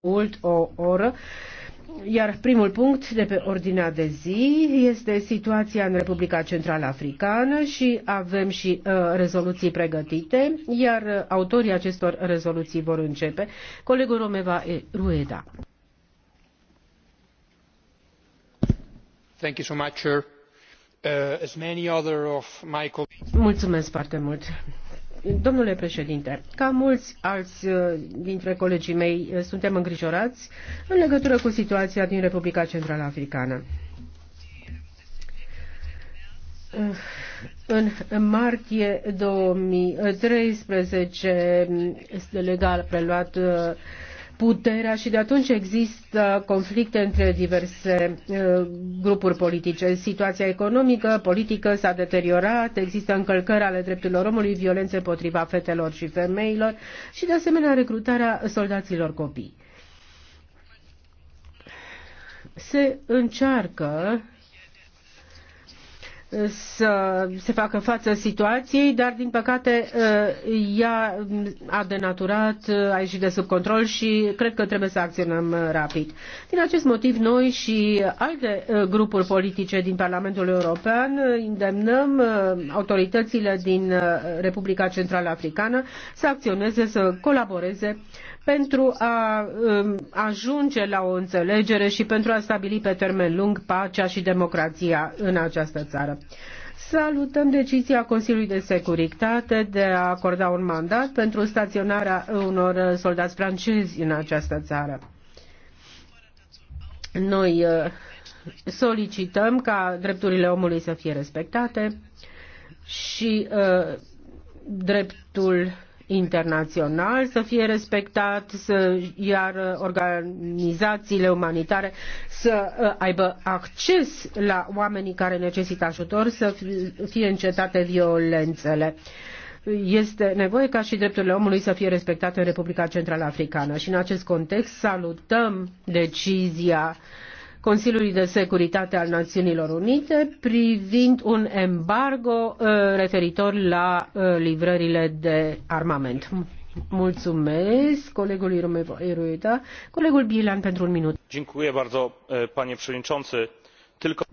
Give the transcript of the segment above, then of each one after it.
mult o oră. Iar primul punct de pe ordinea de zi este situația în Republica Central Africană și avem și uh, rezoluții pregătite, iar uh, autorii acestor rezoluții vor începe. Colegul Romeva e Rueda. Thank you so much, sir. Uh, as many other of my... Mulțumesc foarte mult Domnule președinte, ca mulți alți uh, dintre colegii mei, uh, suntem îngrijorați în legătură cu situația din Republica Centrală Africană. Uh, în martie 2013, este legal preluat puterea și de atunci există conflicte între diverse uh, grupuri politice. Situația economică, politică s-a deteriorat, există încălcări ale drepturilor omului, violențe împotriva fetelor și femeilor și de asemenea recrutarea soldaților copii. Se încearcă să se facă față situației, dar din păcate uh, ea a denaturat, uh, a ieșit de sub control și cred că trebuie să acționăm uh, rapid. Din acest motiv, noi și alte grupuri politice din Parlamentul European îndemnăm autoritățile din Republica Centrală Africană să acționeze, să colaboreze pentru a um, ajunge la o înțelegere și pentru a stabili pe termen lung pacea și democrația în această țară. Salutăm decizia Consiliului de Securitate de a acorda un mandat pentru staționarea unor soldați francezi în această țară. Noi uh, solicităm ca drepturile omului să fie respectate și uh, dreptul internațional să fie respectat, să, iar organizațiile umanitare să uh, aibă acces la oamenii care necesită ajutor, să fie încetate violențele este nevoie ca și drepturile omului să fie respectate în Republica Central Africană. Și în acest context salutăm decizia uh, Consiliului de Securitate al Națiunilor Unite privind un embargo uh, referitor la uh, livrările de armament. Mulțumesc colegului Romeo Erueda. Colegul Bilan pentru un minut. bardzo, panie przewodniczący. Tylko...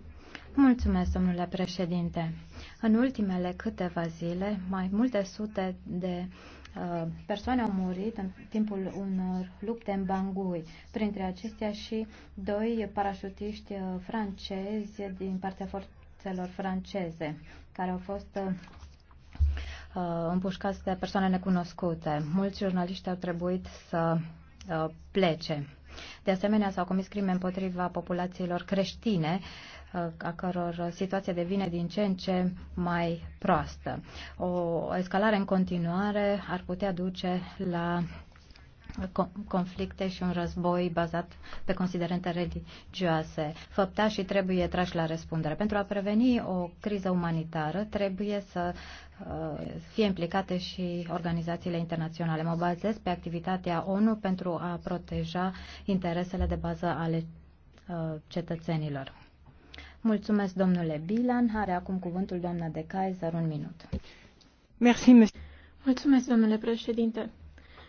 Mulțumesc, domnule președinte. În ultimele câteva zile, mai multe sute de Uh, persoane au murit în timpul unor lupte în Bangui, printre acestea și doi parașutiști uh, francezi din partea forțelor franceze, care au fost uh, împușcați de persoane necunoscute. Mulți jurnaliști au trebuit să plece. De asemenea, s-au comis crime împotriva populațiilor creștine Uh, a căror situație devine din ce în ce mai proastă. O escalare în continuare ar putea duce la conflicte și un război bazat pe considerente religioase. Făptașii trebuie trași la răspundere. Pentru a preveni o criză umanitară, trebuie să uh, fie implicate și organizațiile internaționale. Mă bazez pe activitatea ONU pentru a proteja interesele de bază ale uh, cetățenilor. Mulțumesc, domnule Bilan. Are acum cuvântul doamna de Kaiser, un minut. Merci, Mulțumesc, domnule președinte.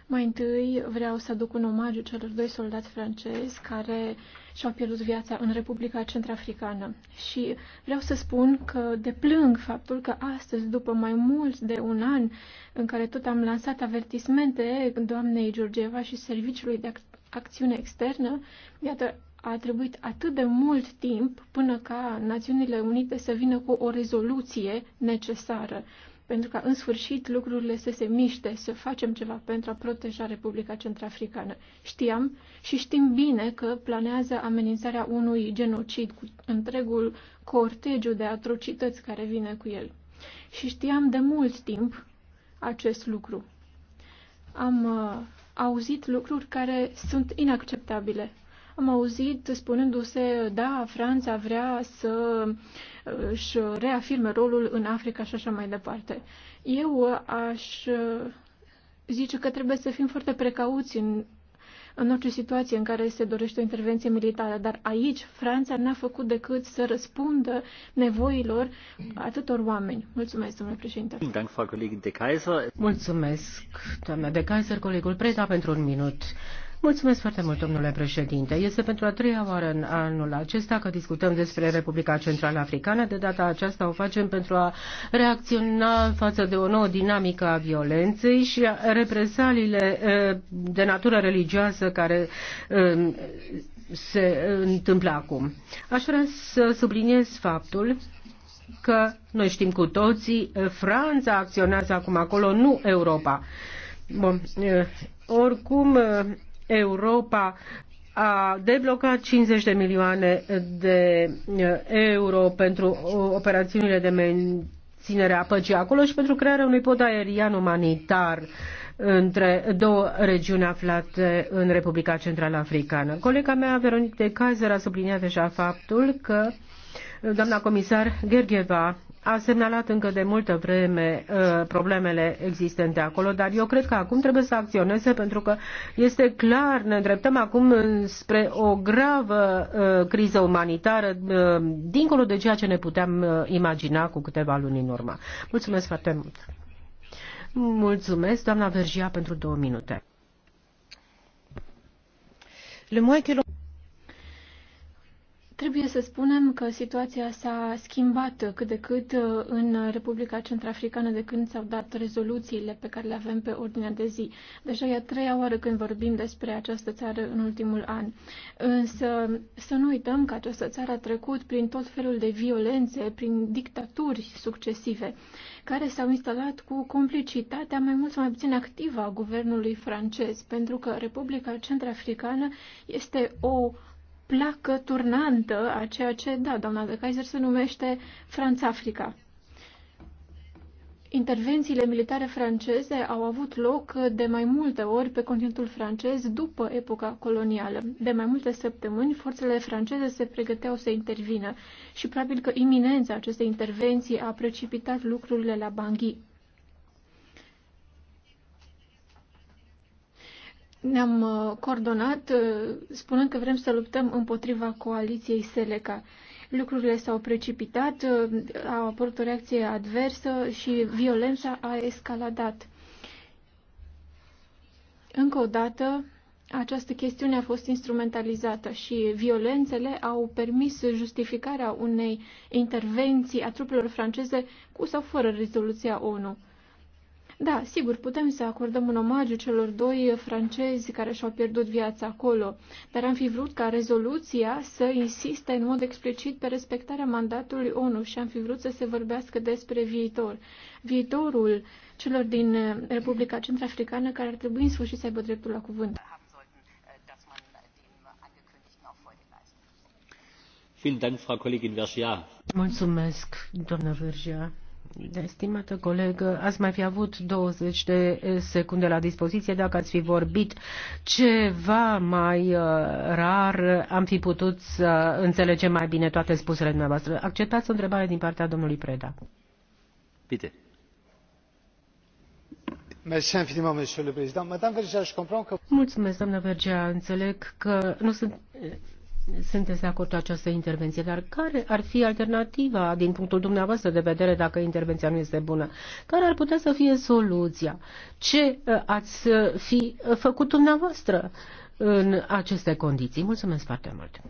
Mai întâi vreau să aduc un omagiu celor doi soldați francezi care și-au pierdut viața în Republica Centrafricană. Și vreau să spun că deplâng faptul că astăzi, după mai mult de un an în care tot am lansat avertismente doamnei Georgieva și Serviciului de Acțiune Externă, iată, a trebuit atât de mult timp până ca Națiunile Unite să vină cu o rezoluție necesară, pentru ca în sfârșit lucrurile să se miște, să facem ceva pentru a proteja Republica Centrafricană. Știam și știm bine că planează amenințarea unui genocid cu întregul cortegiu de atrocități care vine cu el. Și știam de mult timp acest lucru. Am uh, auzit lucruri care sunt inacceptabile am auzit spunându-se, da, Franța vrea să uh, își reafirme rolul în Africa și așa mai departe. Eu uh, aș uh, zice că trebuie să fim foarte precauți în, în orice situație în care se dorește o intervenție militară, dar aici Franța n-a făcut decât să răspundă nevoilor atâtor oameni. Mulțumesc, domnule președinte. Mulțumesc, doamna de Kaiser, colegul Preda, pentru un minut. Mulțumesc foarte mult, domnule președinte. Este pentru a treia oară în anul acesta că discutăm despre Republica Centrală Africană. De data aceasta o facem pentru a reacționa față de o nouă dinamică a violenței și a represaliile eh, de natură religioasă care eh, se întâmplă acum. Aș vrea să subliniez faptul că noi știm cu toții, eh, Franța acționează acum acolo, nu Europa. Bun, oricum Europa a deblocat 50 de milioane de eh, euro pentru operațiunile de menținere a păcii acolo și pentru crearea unui pod aerian umanitar între două regiuni aflate în Republica Centrală Africană. Colega mea, Veronica de Kaiser, a subliniat deja faptul că doamna comisar Gergheva a semnalat încă de multă vreme uh, problemele existente acolo, dar eu cred că acum trebuie să acționeze pentru că este clar, ne îndreptăm acum spre o gravă uh, criză umanitară, uh, dincolo de ceea ce ne puteam uh, imagina cu câteva luni în urmă. Mulțumesc foarte mult! Mulțumesc, doamna Vergia, pentru două minute. Le moins que Trebuie să spunem că situația s-a schimbat cât de cât uh, în Republica Centrafricană de când s-au dat rezoluțiile pe care le avem pe ordinea de zi. Deja e a treia oară când vorbim despre această țară în ultimul an. Însă să nu uităm că această țară a trecut prin tot felul de violențe, prin dictaturi succesive, care s-au instalat cu complicitatea mai mult sau mai puțin activă a guvernului francez, pentru că Republica Centrafricană este o placă turnantă a ceea ce, da, doamna de Kaiser se numește Franța-Africa. Intervențiile militare franceze au avut loc de mai multe ori pe continentul francez după epoca colonială. De mai multe săptămâni, forțele franceze se pregăteau să intervină și probabil că iminența acestei intervenții a precipitat lucrurile la Bangui. ne-am uh, coordonat uh, spunând că vrem să luptăm împotriva coaliției Seleca. Lucrurile s-au precipitat, uh, a apărut o reacție adversă și violența a escaladat. Încă o dată, această chestiune a fost instrumentalizată și violențele au permis justificarea unei intervenții a trupelor franceze cu sau fără rezoluția ONU. Da, sigur, putem să acordăm un omagiu celor doi francezi care și-au pierdut viața acolo, dar am fi vrut ca rezoluția să insiste în mod explicit pe respectarea mandatului ONU și am fi vrut să se vorbească despre viitor. Viitorul celor din eh, Republica Centrafricană care ar trebui în sfârșit să aibă dreptul la cuvânt. Mulțumesc, doamnă Vergea. Stimată colegă, ați mai fi avut 20 de eh, secunde la dispoziție. Dacă ați fi vorbit ceva mai eh, rar, am fi putut să înțelegem mai bine toate spusele dumneavoastră. Acceptați o întrebare din partea domnului Preda. Bine. Mulțumesc, doamnă Vergea. Înțeleg că nu sunt sunteți de acord cu această intervenție, dar care ar fi alternativa din punctul dumneavoastră de vedere dacă intervenția nu este bună? Care ar putea să fie soluția? Ce uh, ați uh, fi uh, făcut dumneavoastră în aceste condiții? Mulțumesc foarte mult!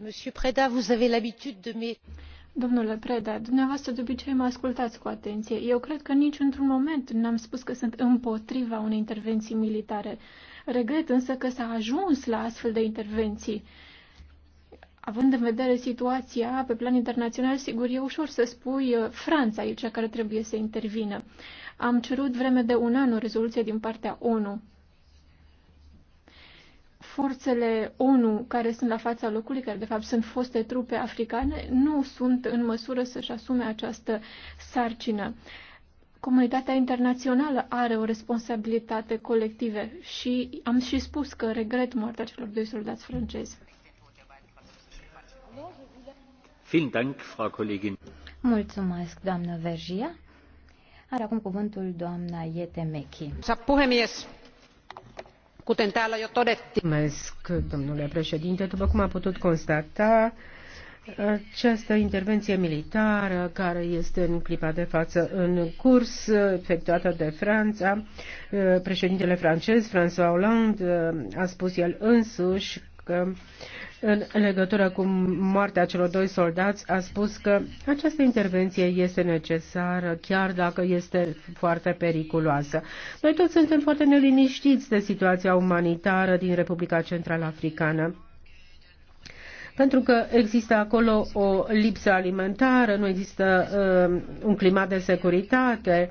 Monsieur Preda, vous avez l'habitude de mes... Domnule Preda, dumneavoastră de obicei mă ascultați cu atenție. Eu cred că nici într-un moment n-am spus că sunt împotriva unei intervenții militare. Regret însă că s-a ajuns la astfel de intervenții. Având în vedere situația pe plan internațional, sigur e ușor să spui uh, Franța e cea care trebuie să intervină. Am cerut vreme de un an o rezoluție din partea ONU. Forțele ONU care sunt la fața locului, care de fapt sunt foste trupe africane, nu sunt în măsură să-și asume această sarcină. Uh, comunitatea internațională are o responsabilitate colectivă și am și spus că regret moartea celor doi soldați francezi. Mulțumesc, doamnă Vergia. Are acum cuvântul doamna Iete Mechi. Mulțumesc, domnule președinte. După cum a putut constata, această intervenție militară care este în clipa de față în curs, efectuată de Franța, președintele francez François Hollande a spus el însuși că în legătură cu moartea celor doi soldați a spus că această intervenție este necesară chiar dacă este foarte periculoasă. Noi toți suntem foarte neliniștiți de situația umanitară din Republica Central Africană pentru că există acolo o lipsă alimentară, nu există uh, un climat de securitate.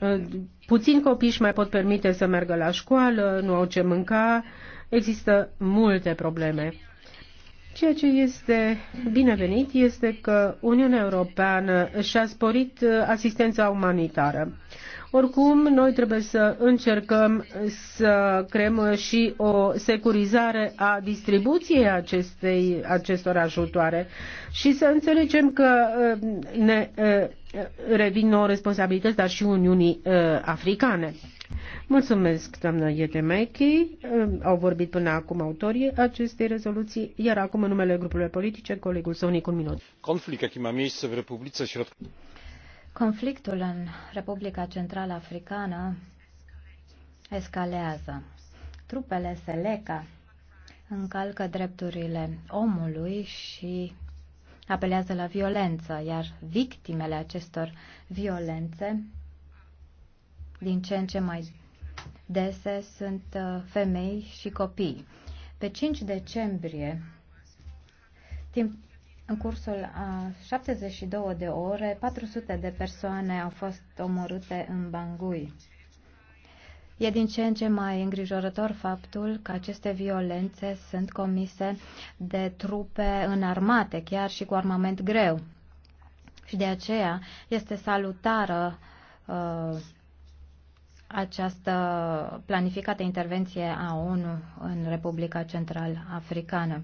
Uh, puțini copii își mai pot permite să meargă la școală, nu au ce mânca, există multe probleme. Ceea ce este binevenit este că Uniunea Europeană și-a sporit uh, asistența umanitară. Oricum, noi trebuie să încercăm să creăm și o securizare a distribuției acestei, acestor ajutoare și să înțelegem că uh, ne uh, revin nouă responsabilități, dar și Uniunii uh, Africane. Mulțumesc, doamnă Ietemechi. Au vorbit până acum autorii acestei rezoluții, iar acum în numele grupurilor politice, colegul Sonic, un minut. Conflict, care a avut loc în Republica Conflictul în Republica Centrală Africană escalează. Trupele Seleca încalcă drepturile omului și apelează la violență, iar victimele acestor violențe din ce în ce mai dese sunt uh, femei și copii. Pe 5 decembrie, timp în cursul a 72 de ore, 400 de persoane au fost omorâte în Bangui. E din ce în ce mai îngrijorător faptul că aceste violențe sunt comise de trupe înarmate, chiar și cu armament greu. Și de aceea este salutară uh, această planificată intervenție a ONU în Republica Central Africană.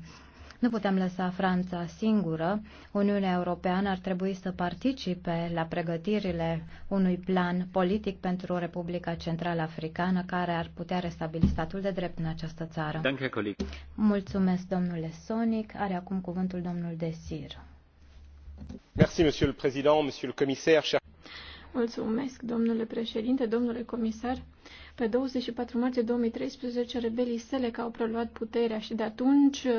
Nu putem lăsa Franța singură. Uniunea Europeană ar trebui să participe la pregătirile unui plan politic pentru Republica Central Africană care ar putea restabili statul de drept în această țară. Mulțumesc, domnule Sonic. Are acum cuvântul domnul Desir. Merci, monsieur le président, monsieur le commissaire. Mulțumesc, domnule președinte, domnule comisar. Pe 24 martie 2013, rebelii Selec au preluat puterea și de atunci uh,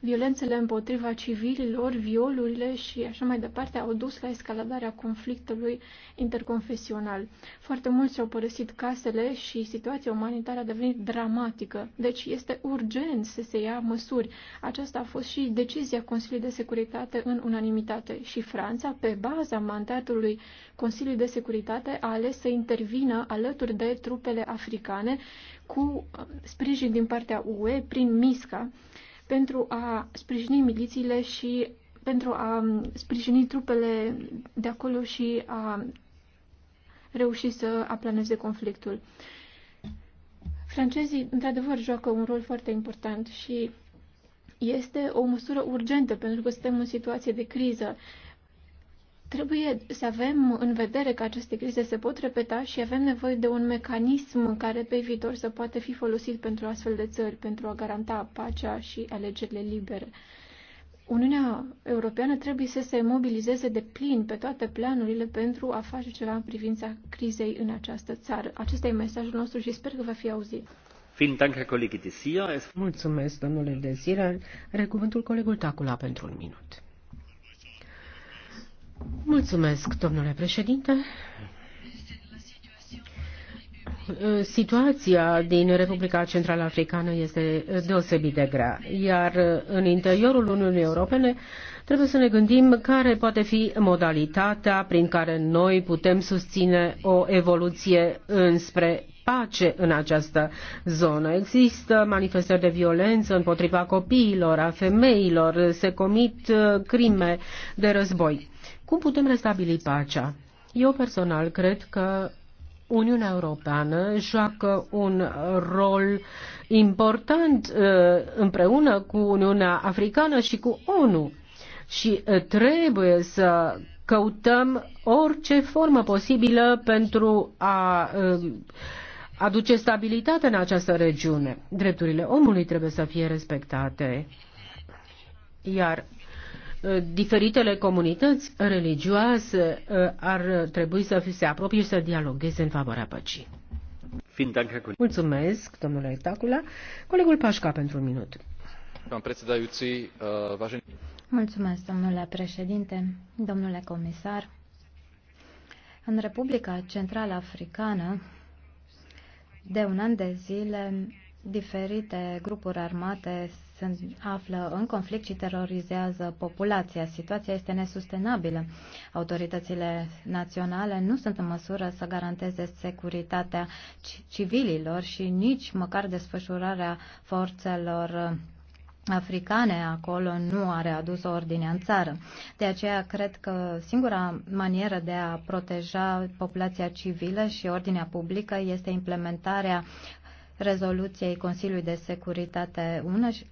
violențele împotriva civililor, violurile și așa mai departe au dus la escaladarea conflictului interconfesional. Foarte mulți au părăsit casele și situația umanitară a devenit dramatică. Deci este urgent să se ia măsuri. Aceasta a fost și decizia Consiliului de Securitate în unanimitate și Franța, pe baza mandatului Consiliului de Securitate, a ales să intervină alături de trupele țările africane cu uh, sprijin din partea UE prin MISCA pentru a sprijini milițiile și pentru a um, sprijini trupele de acolo și a reuși să aplaneze conflictul. Francezii, într-adevăr, joacă un rol foarte important și este o măsură urgentă pentru că suntem în situație de criză. Trebuie să avem în vedere că aceste crize se pot repeta și avem nevoie de un mecanism care pe viitor să poată fi folosit pentru astfel de țări, pentru a garanta pacea și alegerile libere. Uniunea Europeană trebuie să se mobilizeze de plin pe toate planurile pentru a face ceva în privința crizei în această țară. Acesta e mesajul nostru și sper că va fi auzit. Mulțumesc, domnule Desir. Recuvântul colegul Tacula pentru un minut. Mulțumesc, domnule președinte. Situația din Republica Central Africană este deosebit de grea, iar în interiorul Uniunii Europene trebuie să ne gândim care poate fi modalitatea prin care noi putem susține o evoluție înspre pace în această zonă. Există manifestări de violență împotriva copiilor, a femeilor, se comit crime de război cum putem restabili pacea? Eu personal cred că Uniunea Europeană joacă un rol important uh, împreună cu Uniunea Africană și cu ONU și uh, trebuie să căutăm orice formă posibilă pentru a uh, aduce stabilitate în această regiune. Drepturile omului trebuie să fie respectate, iar Uh, diferitele comunități religioase uh, ar trebui să se apropie și să dialogueze în favoarea păcii. Mulțumesc, domnule Itacula. Colegul Pașca pentru un minut. Uh, Mulțumesc, domnule președinte, domnule comisar. În Republica Central Africană, de un an de zile, diferite grupuri armate se află în conflict și terorizează populația. Situația este nesustenabilă. Autoritățile naționale nu sunt în măsură să garanteze securitatea civililor și nici măcar desfășurarea forțelor uh, africane acolo nu a adus ordinea în țară. De aceea cred că singura manieră de a proteja populația civilă și ordinea publică este implementarea rezoluției Consiliului de Securitate 1.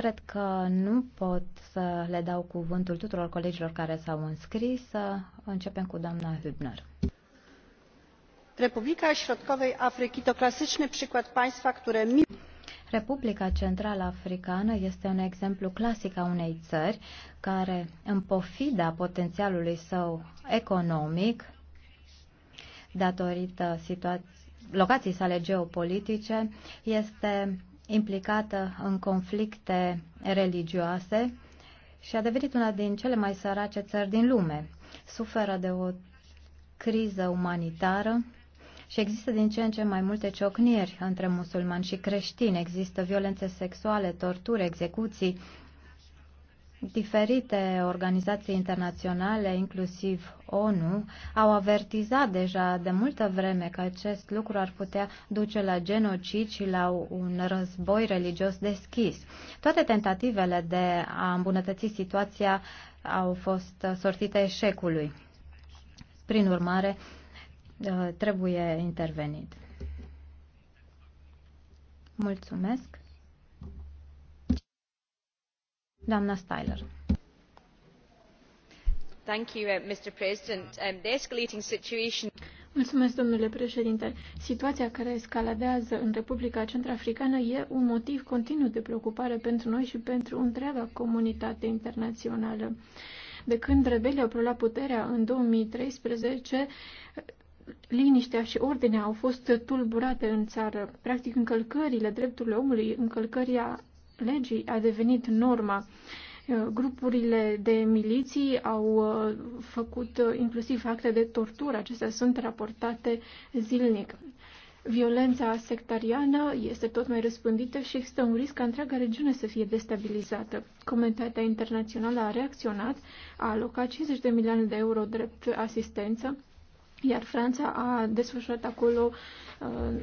Cred că nu pot să le dau cuvântul tuturor colegilor care s-au înscris. Să începem cu doamna Hübner. Republica Środkowej Afryki to klasyczny przykład państwa, które mi... Republica Centrală Africană este un exemplu clasic a unei țări care, în pofida potențialului său economic, datorită locației sale geopolitice, este implicată în conflicte religioase și a devenit una din cele mai sărace țări din lume. Suferă de o criză umanitară și există din ce în ce mai multe ciocniri între musulmani și creștini. Există violențe sexuale, torturi, execuții, Diferite organizații internaționale, inclusiv ONU, au avertizat deja de multă vreme că acest lucru ar putea duce la genocid și la un război religios deschis. Toate tentativele de a îmbunătăți situația au fost sortite eșecului. Prin urmare, trebuie intervenit. Mulțumesc. Doamna Styler. Uh, um, Mulțumesc, domnule președinte. Situația care escaladează în Republica Centrafricană e un motiv continuu de preocupare pentru noi și pentru întreaga comunitate internațională. De când rebelii au preluat puterea în 2013, liniștea și ordinea au fost tulburate în țară. Practic, încălcările drepturilor omului, încălcarea legii a devenit norma. Uh, grupurile de miliții au uh, făcut uh, inclusiv acte de tortură. Acestea sunt raportate zilnic. Violența sectariană este tot mai răspândită și există un risc ca întreaga regiune să fie destabilizată. Comunitatea internațională a reacționat, a alocat 50 de milioane de euro drept asistență, iar Franța a desfășurat acolo uh,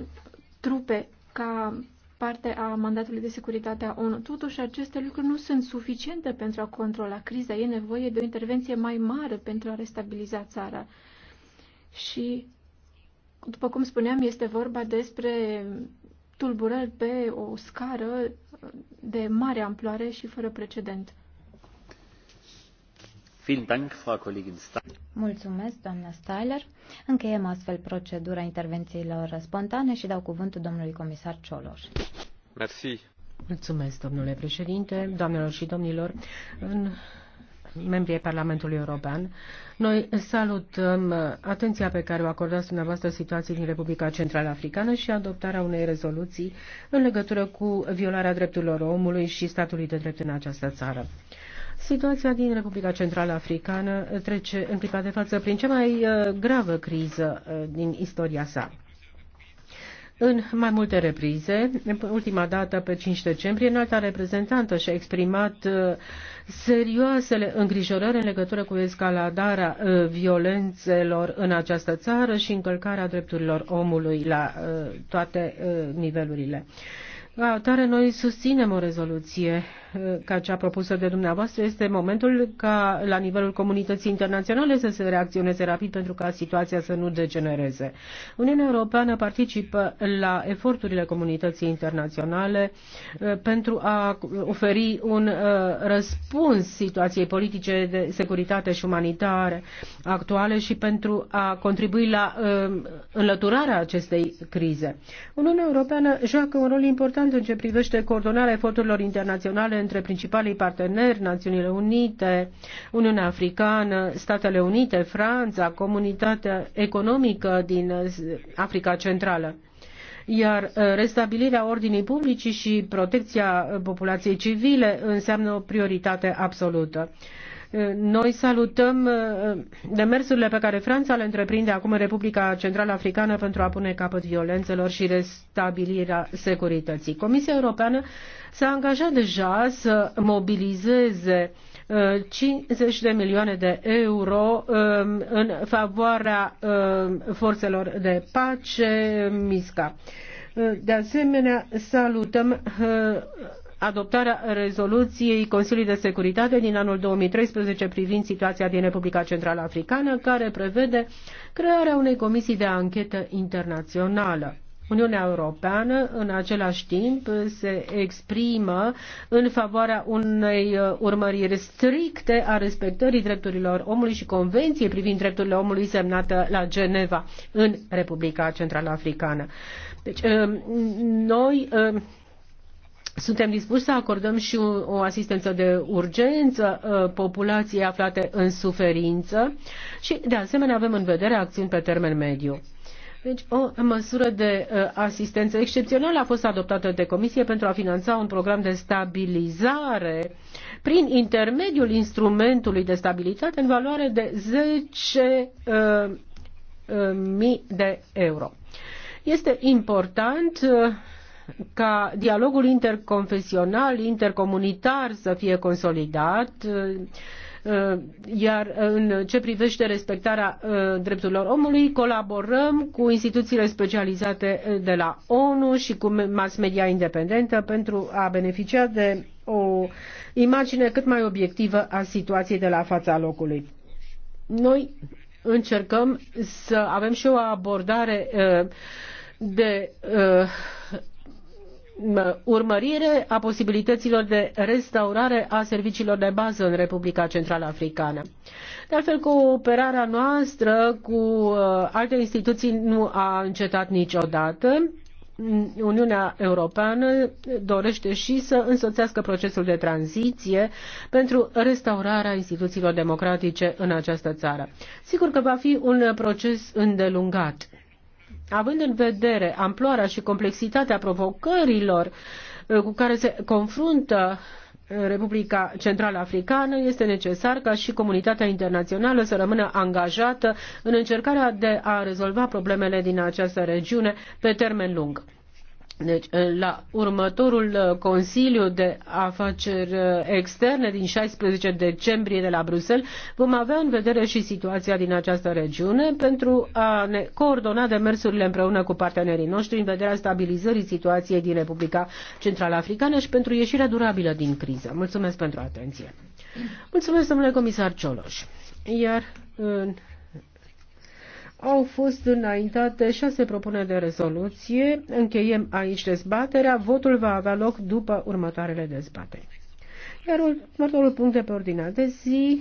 trupe ca parte a mandatului de securitate a ONU. Totuși, aceste lucruri nu sunt suficiente pentru a controla criza. E nevoie de o intervenție mai mare pentru a restabiliza țara. Și, după cum spuneam, este vorba despre tulburări pe o scară de mare amploare și fără precedent. Mulțumesc, doamna Încheiem astfel procedura intervențiilor spontane și dau cuvântul domnului comisar Cioloș. Merci. Mulțumesc, domnule președinte, doamnelor și domnilor. În membrii Parlamentului European. Noi salutăm atenția pe care o acordați dumneavoastră situației din Republica Central Africană și adoptarea unei rezoluții în legătură cu violarea drepturilor omului și statului de drept în această țară. Situația din Republica Centrală Africană trece în clipa de față prin cea mai uh, gravă criză uh, din istoria sa. În mai multe reprize, ultima dată pe 5 decembrie, înalta reprezentantă și-a exprimat uh, serioasele îngrijorări în legătură cu escaladarea violențelor în această țară și încălcarea drepturilor omului la toate nivelurile. Ca atare, noi susținem o rezoluție uh, ca cea propusă de dumneavoastră. Este momentul ca la nivelul comunității internaționale să se reacționeze rapid pentru ca situația să nu degenereze. Uniunea Europeană participă la eforturile comunității internaționale uh, pentru a oferi un uh, răspuns situației politice de securitate și umanitare actuale și pentru a contribui la înlăturarea acestei crize. Uniunea Europeană joacă un rol important rând, în ce privește coordonarea eforturilor internaționale între principalii parteneri, Națiunile Unite, Uniunea Africană, Statele Unite, Franța, Comunitatea Economică din Africa Centrală iar uh, restabilirea ordinii publice și protecția populației civile înseamnă o prioritate absolută. Noi salutăm uh, demersurile pe care Franța le întreprinde acum în Republica Central Africană pentru a pune capăt violențelor și restabilirea securității. Comisia Europeană s-a angajat deja să mobilizeze 50 uh, de milioane de euro um, în favoarea um, forțelor de pace uh, MISCA. De asemenea, salutăm adoptarea rezoluției Consiliului de Securitate din anul 2013 privind situația din Republica Central Africană, care prevede crearea unei comisii de anchetă internațională. Uniunea Europeană, în același timp, se exprimă în favoarea unei uh, urmăriri stricte a respectării drepturilor omului și Convenției privind drepturile omului semnată la Geneva, în Republica Central Africană. Deci, uh, noi uh, suntem dispuși să acordăm și o asistență de urgență uh, populației aflate în suferință și, de asemenea, avem în vedere acțiuni pe termen mediu. Deci, o măsură de uh, asistență excepțională a fost adoptată de Comisie pentru a finanța un program de stabilizare prin intermediul instrumentului de stabilitate în valoare de 10.000 uh, uh, de euro. Este important uh, ca dialogul interconfesional, intercomunitar să fie consolidat, uh, iar în ce privește respectarea uh, drepturilor omului, colaborăm cu instituțiile specializate uh, de la ONU și cu mass media independentă pentru a beneficia de o imagine cât mai obiectivă a situației de la fața locului. Noi încercăm să avem și o abordare de urmărire a posibilităților de restaurare a serviciilor de bază în Republica Centrală Africană. De altfel, cooperarea noastră cu uh, alte instituții nu a încetat niciodată. Uniunea Europeană dorește și să însoțească procesul de tranziție pentru restaurarea instituțiilor democratice în această țară. Sigur că va fi un proces îndelungat Având în vedere amploarea și complexitatea provocărilor uh, cu care se confruntă uh, Republica Central Africană, este necesar ca și comunitatea internațională să rămână angajată în încercarea de a rezolva problemele din această regiune pe termen lung. Deci, eh, la următorul eh, Consiliu de Afaceri eh, Externe din 16 decembrie de la Bruxelles vom avea în vedere și situația din această regiune pentru a ne coordona demersurile împreună cu partenerii noștri în vederea stabilizării situației din Republica Central Africană și pentru ieșirea durabilă din criză. Mulțumesc pentru atenție. Mulțumesc, domnule comisar Cioloș. Iar în au fost înaintate șase propuneri de rezoluție. Încheiem aici dezbaterea. Votul va avea loc după următoarele dezbateri. Iar următorul punct de pe ordinea de zi